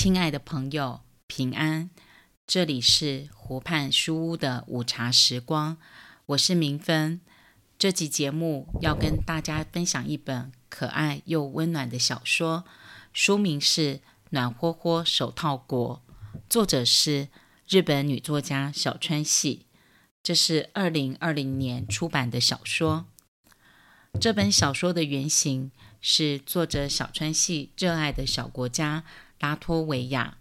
親愛的朋友，平安！這裡是湖畔書屋的午茶時光，我是明芬。這期節目要跟大家分享一本可愛又溫暖的小說，書名是《暖和和手套國》，作者是日本女作家小川系，這是二零二零年出版的小說。這本小說的原型是作者小川系熱愛的小國家。拉脫維亞，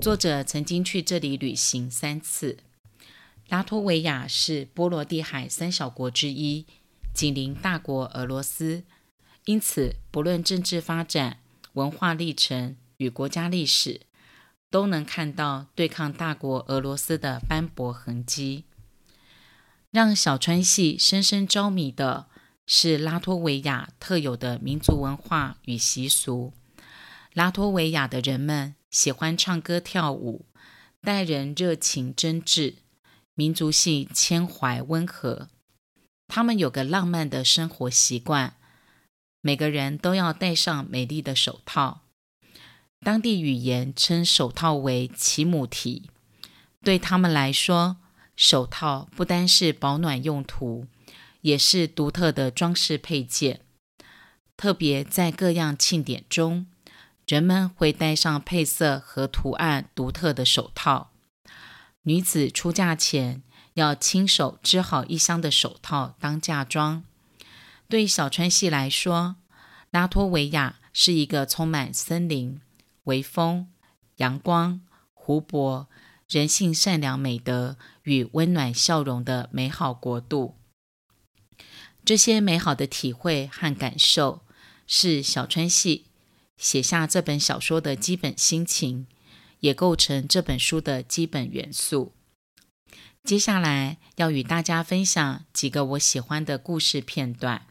作者曾經去這裡旅行三次。拉脫維亞是波羅的海三小國之一，緊鄰大國俄羅斯，因此不論政治發展、文化歷程與國家歷史，都能看到對抗大國俄羅斯的斑駁痕跡。讓小川糸深深着迷的是拉脫維亞特有的民族文化與習俗。拉脫維亞的人們喜歡唱歌跳舞，待人熱情真摯，民族性謙懷溫和。他們有個浪漫的生活習慣，每個人都要戴上美麗的手套。當地語言稱手套為“齊姆提”。對他們來說，手套不單是保暖用途，也是獨特的裝飾配件，特別在各樣慶典中。人們會戴上配色和圖案獨特的手套。女子出嫁前要親手織好一箱的手套當嫁妝。對小川系來說，拉脫維亞是一個充滿森林、微風、陽光、湖泊、人性善良美德與溫暖笑容的美好國度。這些美好的體會和感受是小川系，寫下這本小說的基本心情，也構成這本書的基本元素。接下來要與大家分享幾個我喜歡的故事片段。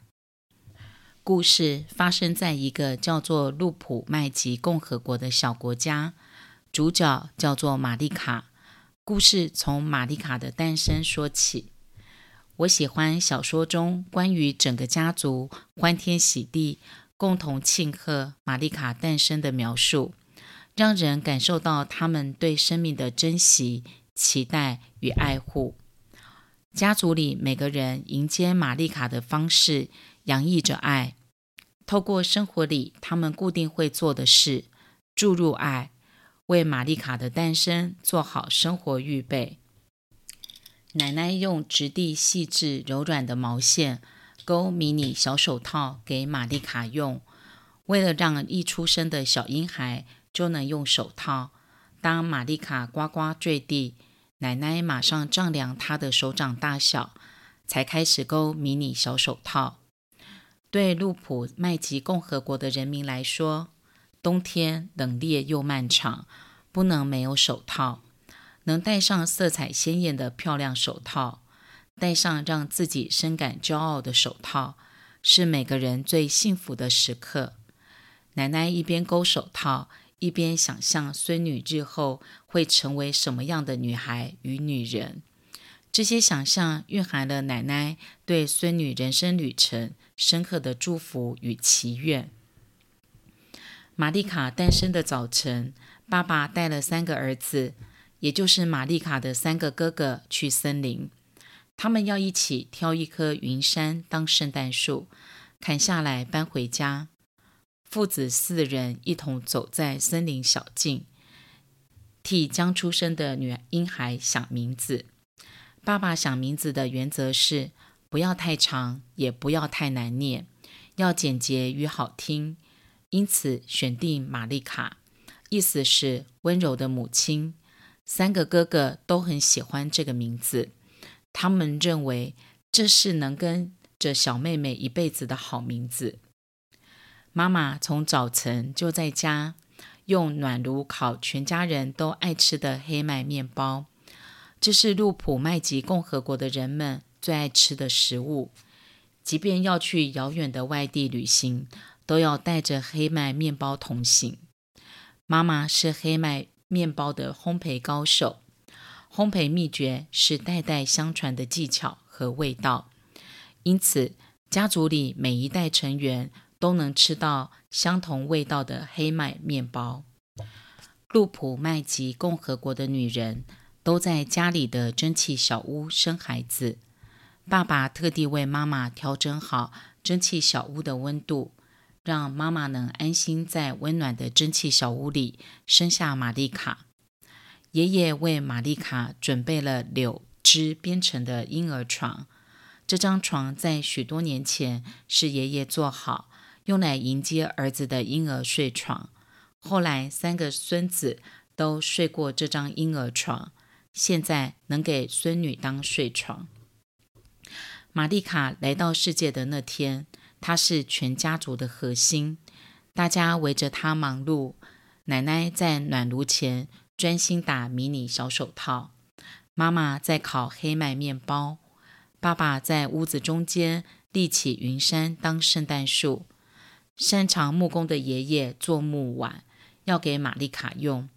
故事發生在一個叫做路普麥吉共和國的小國家，主角叫做瑪麗卡。故事從瑪麗卡的誕生說起。我喜歡小說中關於整個家族歡天喜地。共同慶賀瑪麗卡誕生的描述，讓人感受到他們對生命的珍惜、期待與愛護。家族裡每個人迎接瑪麗卡的方式，洋溢着愛。透過生活裡他們固定會做的事，注入愛，為瑪麗卡的誕生做好生活預備。奶奶用質地細緻、柔軟的毛線。勾迷你小手套給瑪麗卡用，為了讓一出生的小嬰孩就能用手套。當瑪麗卡呱呱墜地，奶奶馬上丈量她的手掌大小，才開始勾迷你小手套。對路普麥吉共和國的人民來說，冬天冷冽又漫長，不能沒有手套，能戴上色彩鮮豔的漂亮手套。戴上讓自己深感驕傲的手套，是每個人最幸福的時刻。奶奶一邊勾手套，一邊想象孫女日後會成為什麼樣的女孩與女人。這些想象蘊含了奶奶對孫女人生旅程深刻的祝福與祈願。瑪麗卡誕生的早晨，爸爸帶了三個兒子，也就是瑪麗卡的三個哥哥，去森林。他們要一起挑一棵雲杉當聖誕樹，砍下來搬回家。父子四人一同走在森林小徑，替將出生的女嬰孩想名字。爸爸想名字的原則是不要太長，也不要太難念，要簡潔與好聽。因此選定瑪麗卡，意思是溫柔的母親。三個哥哥都很喜歡這個名字。他們認為這是能跟着小妹妹一輩子的好名字。媽媽從早晨就在家用暖爐烤全家人都愛吃的黑麥麵包，這是路普麥吉共和國的人們最愛吃的食物。即便要去遙遠的外地旅行，都要帶着黑麥麵包同行。媽媽是黑麥麵包的烘焙高手。烘焙秘訣是代代相傳的技巧和味道，因此家族裡每一代成員都能吃到相同味道的黑麥麵包。路普麥吉共和國的女人都在家裡的蒸汽小屋生孩子，爸爸特地為媽媽調整好蒸汽小屋的溫度，讓媽媽能安心在溫暖的蒸汽小屋裡生下瑪麗卡。爺爺為瑪麗卡準備了柳枝編成的嬰兒床。這張床在許多年前是爺爺做好，用來迎接兒子的嬰兒睡床。後來三個孫子都睡過這張嬰兒床，現在能給孫女當睡床。瑪麗卡來到世界的那天，她是全家族的核心，大家圍着她忙碌。奶奶在暖爐前。專心打迷你小手套。媽媽在烤黑麥麵包，爸爸在屋子中間立起雲杉當聖誕樹。擅長木工的爺爺做木碗，要給瑪麗卡用。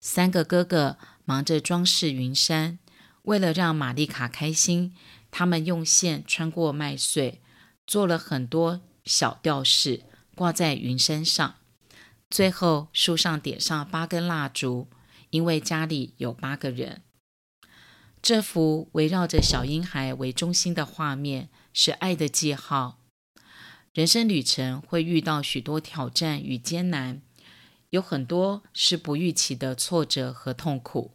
三個哥哥忙着裝飾雲杉，為了讓瑪麗卡開心，他們用線穿過麥穗，做了很多小吊飾掛在雲杉上。最後，樹上點上八根蠟燭。因為家裡有八個人，這幅圍繞着小嬰孩為中心的畫面是愛的記號。人生旅程會遇到許多挑戰與艱難，有很多是不預期的挫折和痛苦。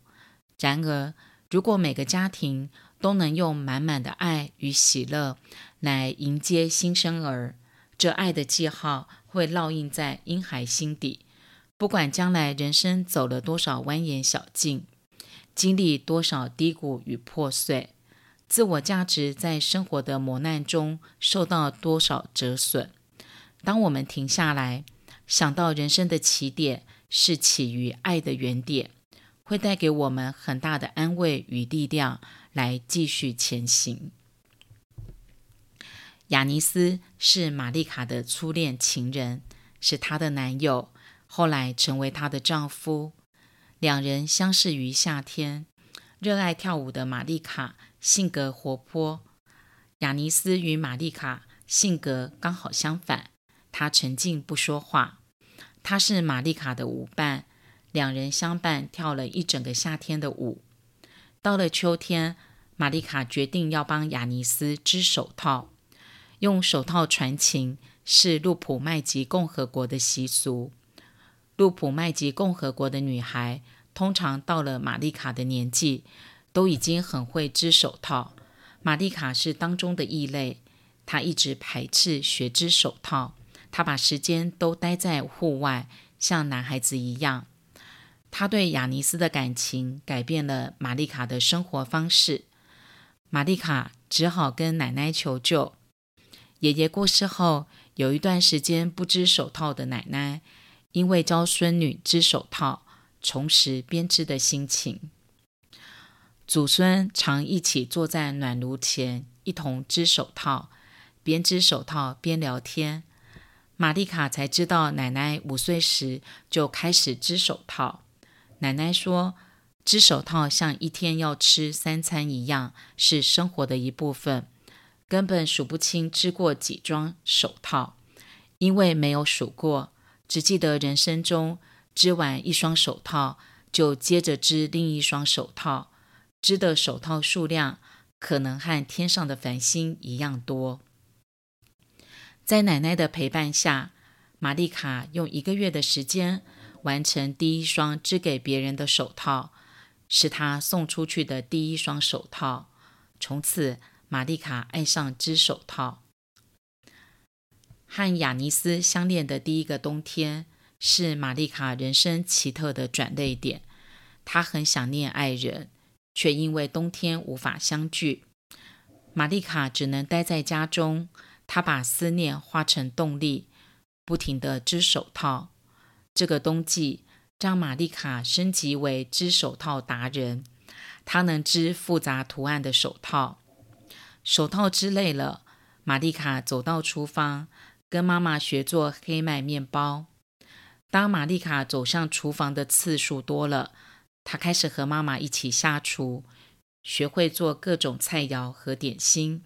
然而，如果每個家庭都能用滿滿的愛與喜樂來迎接新生兒，這愛的記號會烙印在嬰孩心底。不管將來人生走了多少蜿蜒小徑，經歷多少低谷與破碎，自我價值在生活的磨難中受到多少折損，當我們停下來，想到人生的起點是起於愛的原點，會帶給我們很大的安慰與力量，來繼續前行。雅尼斯是瑪麗卡的初戀情人，是她的男友。後來成為她的丈夫，兩人相識於夏天。熱愛跳舞的瑪麗卡性格活潑，雅尼斯與瑪麗卡性格剛好相反，他沉靜不說話。他是瑪麗卡的舞伴，兩人相伴跳了一整個夏天的舞。到了秋天，瑪麗卡決定要幫雅尼斯織手套，用手套傳情是路普麥吉共和國的習俗。杜普麥吉共和國的女孩通常到了瑪麗卡的年紀，都已經很會織手套。瑪麗卡是當中的異類，她一直排斥學織手套。她把時間都待在戶外，像男孩子一樣。她對雅尼斯的感情改變了瑪麗卡的生活方式。瑪麗卡只好跟奶奶求救。爺爺過世後，有一段時間不織手套的奶奶。因為教孫女織手套，重拾編織的心情。祖孫常一起坐在暖爐前，一同織手套。邊織手套邊聊天，瑪麗卡才知道奶奶五歲時就開始織手套。奶奶說，織手套像一天要吃三餐一樣，是生活的一部分，根本數不清織過幾雙手套，因為沒有數過。只記得人生中織完一雙手套，就接着織另一雙手套，織的手套數量可能和天上的繁星一樣多。在奶奶的陪伴下，瑪麗卡用一個月的時間完成第一雙織給別人的手套，是她送出去的第一雙手套。從此，瑪麗卡愛上織手套。和雅尼斯相戀的第一個冬天是瑪麗卡人生奇特的轉折點。她很想念愛人，卻因為冬天無法相聚。瑪麗卡只能待在家中，她把思念化成動力，不停地織手套。這個冬季讓瑪麗卡升級為織手套達人。她能織複雜圖案的手套。手套織累了，瑪麗卡走到廚房。跟媽媽學做黑麥麵包。當瑪麗卡走向廚房的次數多了，她開始和媽媽一起下廚，學會做各種菜餚和點心。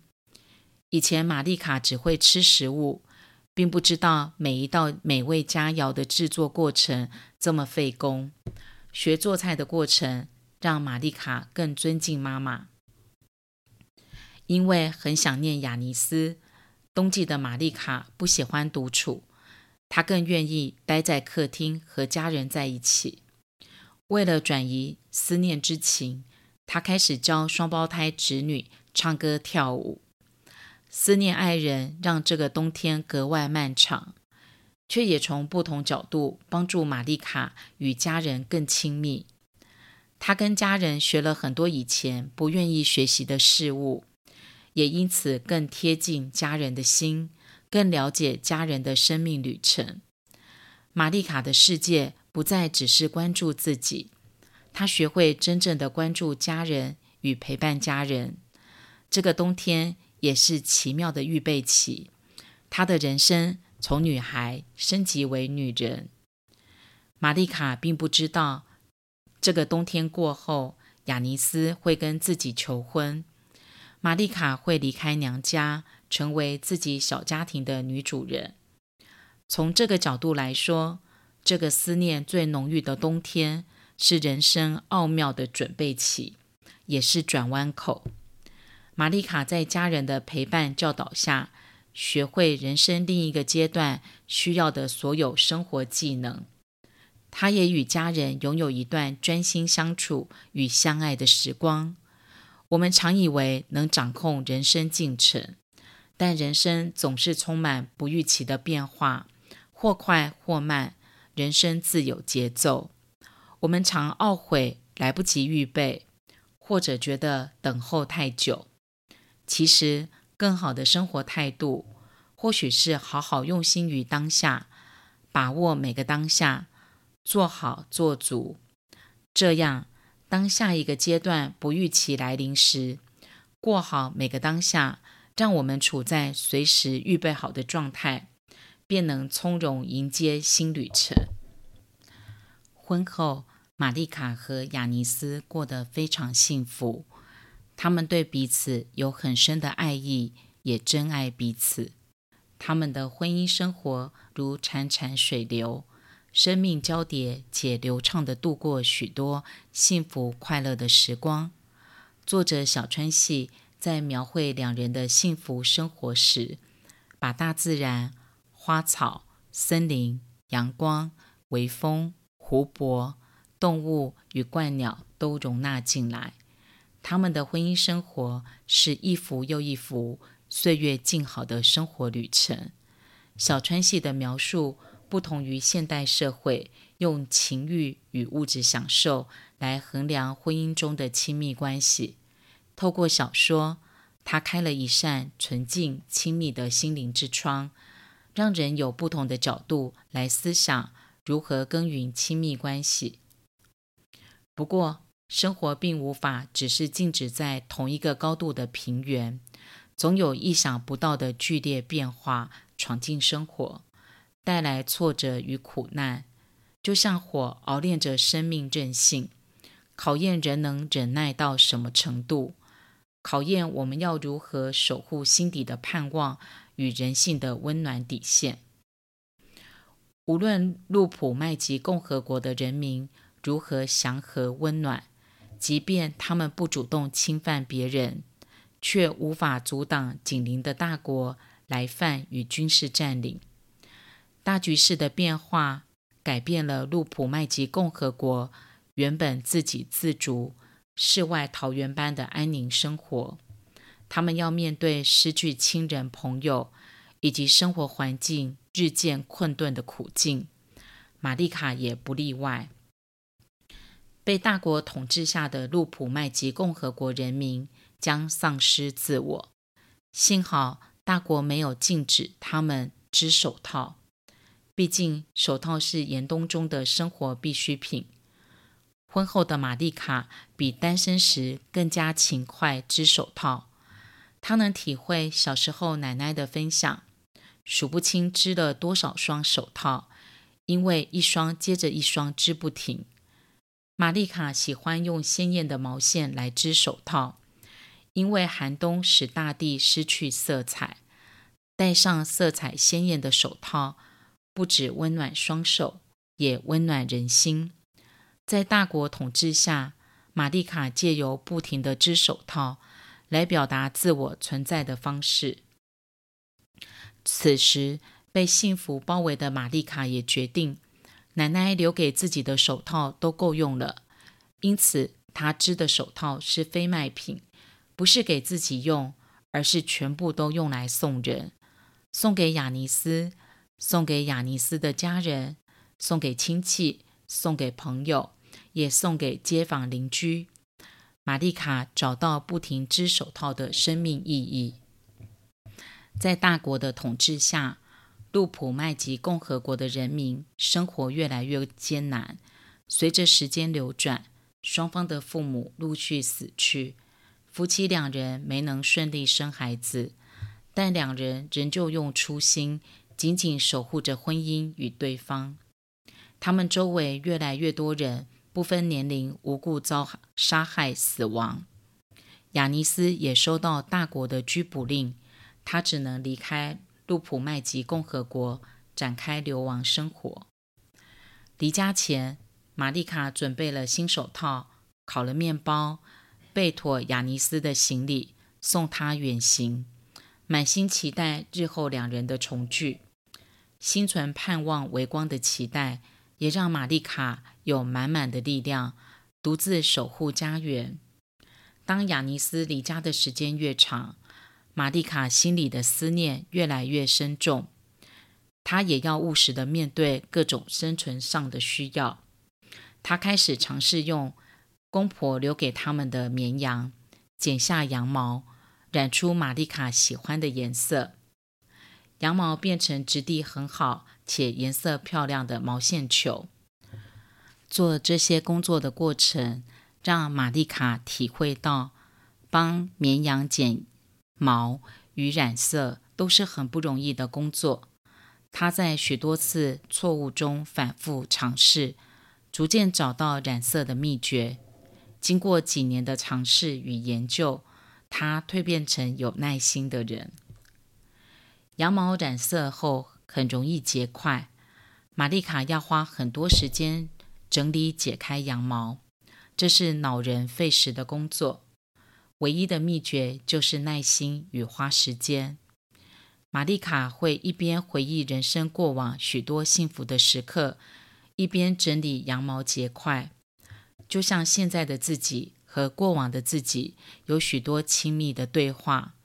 以前瑪麗卡只會吃食物，並不知道每一道美味佳餚的製作過程這麼費工。學做菜的過程讓瑪麗卡更尊敬媽媽，因為很想念雅尼斯。冬季的瑪麗卡不喜歡獨處，她更願意待在客廳和家人在一起。為了轉移思念之情，她開始教雙胞胎侄女唱歌跳舞。思念愛人讓這個冬天格外漫長，卻也從不同角度幫助瑪麗卡與家人更親密。她跟家人學了很多以前不願意學習的事物。也因此更貼近家人的心，更了解家人的生命旅程。瑪麗卡的世界不再只是關注自己，她學會真正的關注家人與陪伴家人。這個冬天也是奇妙的預備期，她的人生從女孩升級為女人。瑪麗卡並不知道，這個冬天過後，雅尼斯會跟自己求婚。瑪麗卡會離開娘家，成為自己小家庭的女主人。從這個角度來說，這個思念最濃郁的冬天是人生奧妙的準備期，也是轉彎口。瑪麗卡在家人的陪伴教導下，學會人生另一個階段需要的所有生活技能。她也與家人擁有一段專心相處與相愛的時光。我們常以為能掌控人生進程，但人生總是充滿不預期的變化，或快或慢，人生自有節奏。我們常懊悔來不及預備，或者覺得等候太久。其實，更好的生活態度，或許是好好用心於當下，把握每個當下，做好做足，這樣。當下一個階段不預期來臨時，過好每個當下，讓我們處在隨時預備好的狀態，便能從容迎接新旅程。婚後，瑪麗卡和雅尼斯過得非常幸福，他們對彼此有很深的愛意，也珍愛彼此。他們的婚姻生活如潺潺水流，生命交疊且流暢地度過許多幸福快樂的時光。作者小川系在描繪兩人的幸福生活時，把大自然、花草、森林、陽光、微風、湖泊、動物與鸛鳥都容納進來。他們的婚姻生活是一幅又一幅歲月靜好的生活旅程。小川系的描述。不同於現代社會用情欲與物質享受來衡量婚姻中的親密關係，透過小說，它開了一扇純淨、親密的心靈之窗，讓人有不同的角度來思想如何耕耘親密關係。不過，生活並無法只是靜止在同一個高度的平原，總有意想不到的劇烈變化闖進生活。帶來挫折與苦難，就像火熬煉着生命韌性，考驗人能忍耐到什麼程度，考驗我們要如何守護心底的盼望與人性的溫暖底線。無論路普麥吉共和國的人民如何祥和溫暖，即便他們不主動侵犯別人，卻無法阻擋緊鄰的大國來犯與軍事佔領。大局勢的變化改變了盧普麥吉共和國原本自給自足、世外桃源般的安寧生活。他們要面對失去親人、朋友以及生活環境日漸困頓的苦境。瑪麗卡也不例外。被大國統治下的路普麥吉共和國人民將喪失自我。幸好，大國沒有禁止他們織手套。畢竟，手套是嚴冬中的生活必需品。婚後的瑪麗卡比單身時更加勤快織手套。她能體會小時候奶奶的分享，數不清織了多少雙手套，因為一雙接着一雙織不停。瑪麗卡喜歡用鮮豔的毛線來織手套，因為寒冬使大地失去色彩，戴上色彩鮮豔的手套，不止溫暖雙手，也溫暖人心。在大國統治下，瑪麗卡借由不停地織手套，來表達自我存在的方式。此時，被幸福包圍的瑪麗卡也決定，奶奶留給自己的手套都夠用了，因此她織的手套是非賣品，不是給自己用，而是全部都用來送人，送給雅尼斯。送給雅尼斯的家人，送給親戚，送給朋友，也送給街坊鄰居。瑪麗卡找到不停織手套的生命意義。在大國的統治下，路普麥吉共和國的人民生活越來越艱難。隨着時間流轉，雙方的父母陸續死去，夫妻兩人沒能順利生孩子，但兩人仍舊用初心。緊緊守護着婚姻與對方，他們周圍越來越多人不分年齡無故遭殺害死亡。雅尼斯也收到大國的拘捕令，他只能離開路普麥吉共和國，展開流亡生活。離家前，瑪麗卡準備了新手套，烤了麵包，備妥雅尼斯的行李，送他遠行。滿心期待日後兩人的重聚，心存盼望微光的期待，也讓瑪麗卡有滿滿的力量，獨自守護家園。當亞尼斯離家的時間越長，瑪麗卡心裡的思念越來越深重。她也要務實地面對各種生存上的需要。她開始嘗試用公婆留給他們的綿羊剪下羊毛。染出瑪麗卡喜歡的顏色，羊毛變成質地很好且顏色漂亮的毛線球。做這些工作的過程，讓瑪麗卡體會到幫綿羊剪毛與染色都是很不容易的工作。她在許多次錯誤中反覆嘗試，逐漸找到染色的秘訣。經過幾年的嘗試與研究。她蛻變成有耐心的人。羊毛染色後很容易結塊，瑪麗卡要花很多時間整理解開羊毛，這是惱人費時的工作。唯一的秘訣就是耐心與花時間。瑪麗卡會一邊回憶人生過往許多幸福的時刻，一邊整理羊毛結塊，就像現在的自己。和過往的自己有許多親密的對話。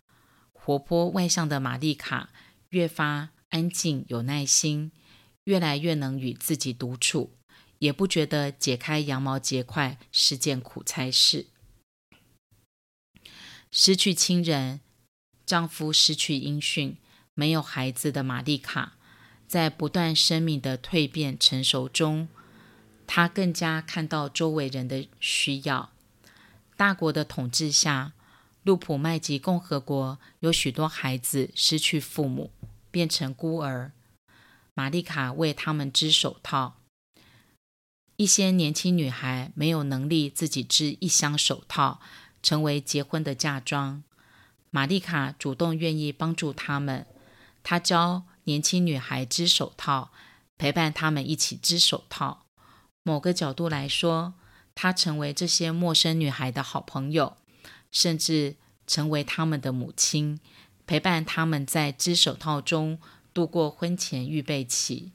活潑外向的瑪麗卡越發安靜有耐心，越來越能與自己獨處，也不覺得解開羊毛結塊是件苦差事。失去親人、丈夫失去音訊、沒有孩子的瑪麗卡，在不斷生命的蛻變成熟中，她更加看到周圍人的需要。大國的統治下，路普麥吉共和國有許多孩子失去父母，變成孤兒。瑪麗卡為他們織手套。一些年輕女孩沒有能力自己織一箱手套，成為結婚的嫁妝。瑪麗卡主動願意幫助他們，她教年輕女孩織手套，陪伴他們一起織手套。某個角度來說，她成為這些陌生女孩的好朋友，甚至成為她們的母親，陪伴她們在織手套中度過婚前預備期。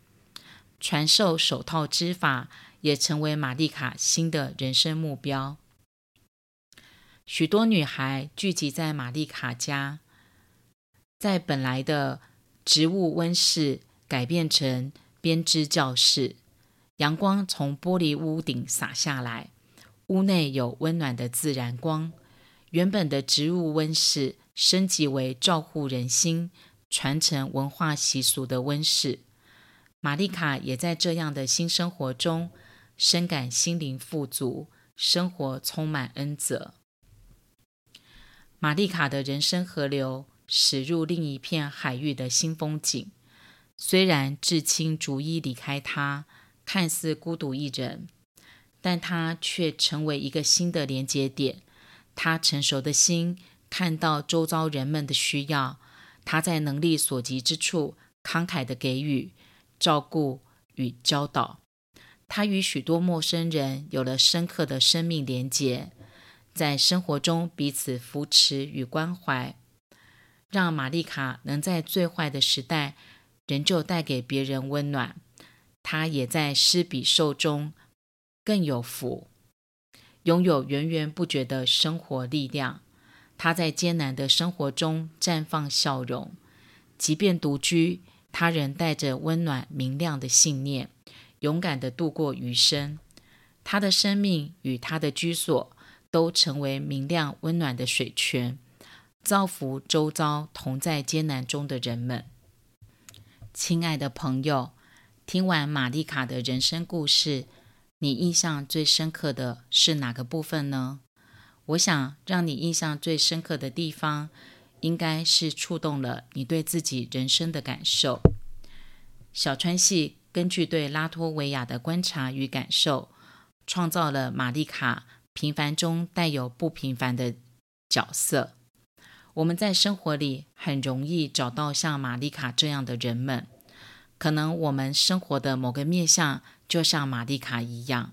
傳授手套織法也成為瑪麗卡新的人生目標。許多女孩聚集在瑪麗卡家，在本來的植物溫室改變成編織教室，陽光從玻璃屋頂灑下來。屋內有溫暖的自然光，原本的植物溫室升級為照護人心、傳承文化習俗的溫室。瑪麗卡也在這樣的新生活中，深感心靈富足，生活充滿恩澤。瑪麗卡的人生河流駛入另一片海域的新風景，雖然至親逐一離開她，看似孤獨一人。但他卻成為一個新的連接點。他成熟的心看到周遭人們的需要，他在能力所及之處慷慨地給予、照顧與教導。他與許多陌生人有了深刻的生命連接，在生活中彼此扶持與關懷，讓瑪麗卡能在最壞的時代仍舊帶給別人溫暖。他也在施比受中。更有福，擁有源源不絕的生活力量。他在艱難的生活中綻放笑容，即便獨居，他仍帶着溫暖明亮的信念，勇敢地度過餘生。他的生命與他的居所都成為明亮溫暖的水泉，造福周遭同在艱難中的人們。親愛的朋友，聽完瑪麗卡的人生故事，你印象最深刻的是哪個部分呢？我想讓你印象最深刻的地方，應該是觸動了你對自己人生的感受。小川糸根據對拉脫維亞的觀察與感受，創造了瑪麗卡平凡中帶有不平凡的角色。我們在生活裡很容易找到像瑪麗卡這樣的人們，可能我們生活的某個面向。就像瑪麗卡一樣，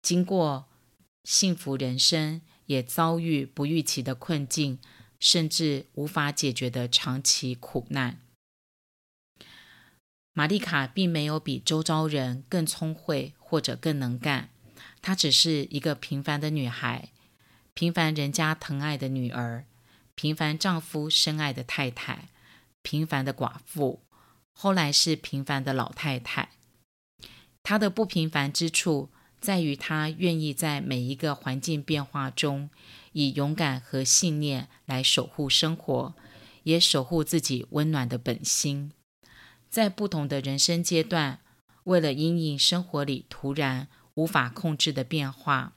經過幸福人生，也遭遇不預期的困境，甚至無法解決的長期苦難。瑪麗卡並沒有比周遭人更聰慧或者更能幹，她只是一個平凡的女孩，平凡人家疼愛的女兒，平凡丈夫深愛的太太，平凡的寡婦，後來是平凡的老太太。他的不平凡之處在於，他願意在每一個環境變化中，以勇敢和信念來守護生活，也守護自己溫暖的本心。在不同的人生階段，為了因應生活裡突然無法控制的變化，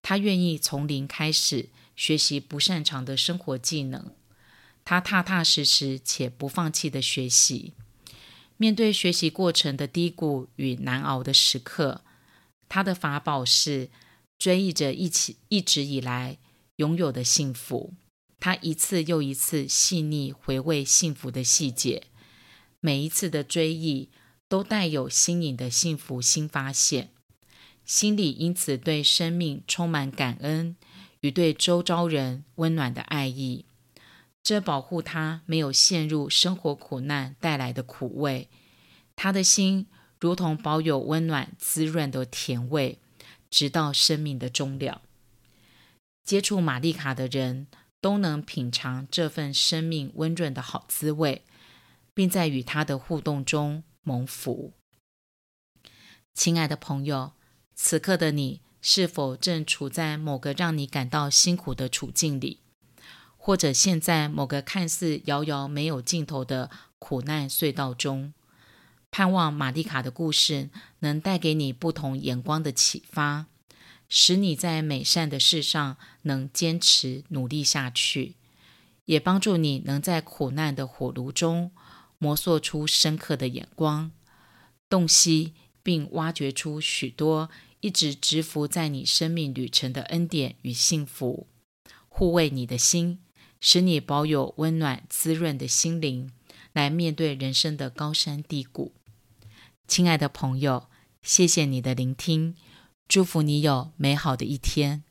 他願意從零開始學習不擅長的生活技能。他踏踏實實且不放棄的學習。面對學習過程的低谷與難熬的時刻，他的法寶是追憶着一起一直以來擁有的幸福。他一次又一次細膩回味幸福的細節，每一次的追憶都帶有新穎的幸福新發現，心裡因此對生命充滿感恩與對周遭人溫暖的愛意。這保護他沒有陷入生活苦難帶來的苦味，他的心如同保有溫暖滋潤的甜味，直到生命的終了。接觸瑪麗卡的人都能品嘗這份生命溫潤的好滋味，並在與他的互動中蒙福。親愛的朋友，此刻的你是否正處在某個讓你感到辛苦的處境裡？或者現在某個看似遙遙沒有盡頭的苦難隧道中，盼望瑪利卡的故事能帶給你不同眼光的啟發，使你在美善的事上能堅持努力下去，也幫助你能在苦難的火爐中磨塑出深刻的眼光，洞悉並挖掘出許多一直蟄伏在你生命旅程的恩典與幸福，護衛你的心。使你保有溫暖滋潤的心靈，來面對人生的高山低谷。親愛的朋友，謝謝你的聆聽，祝福你有美好的一天。